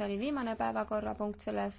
see oli viimane päevakorrapunkt selles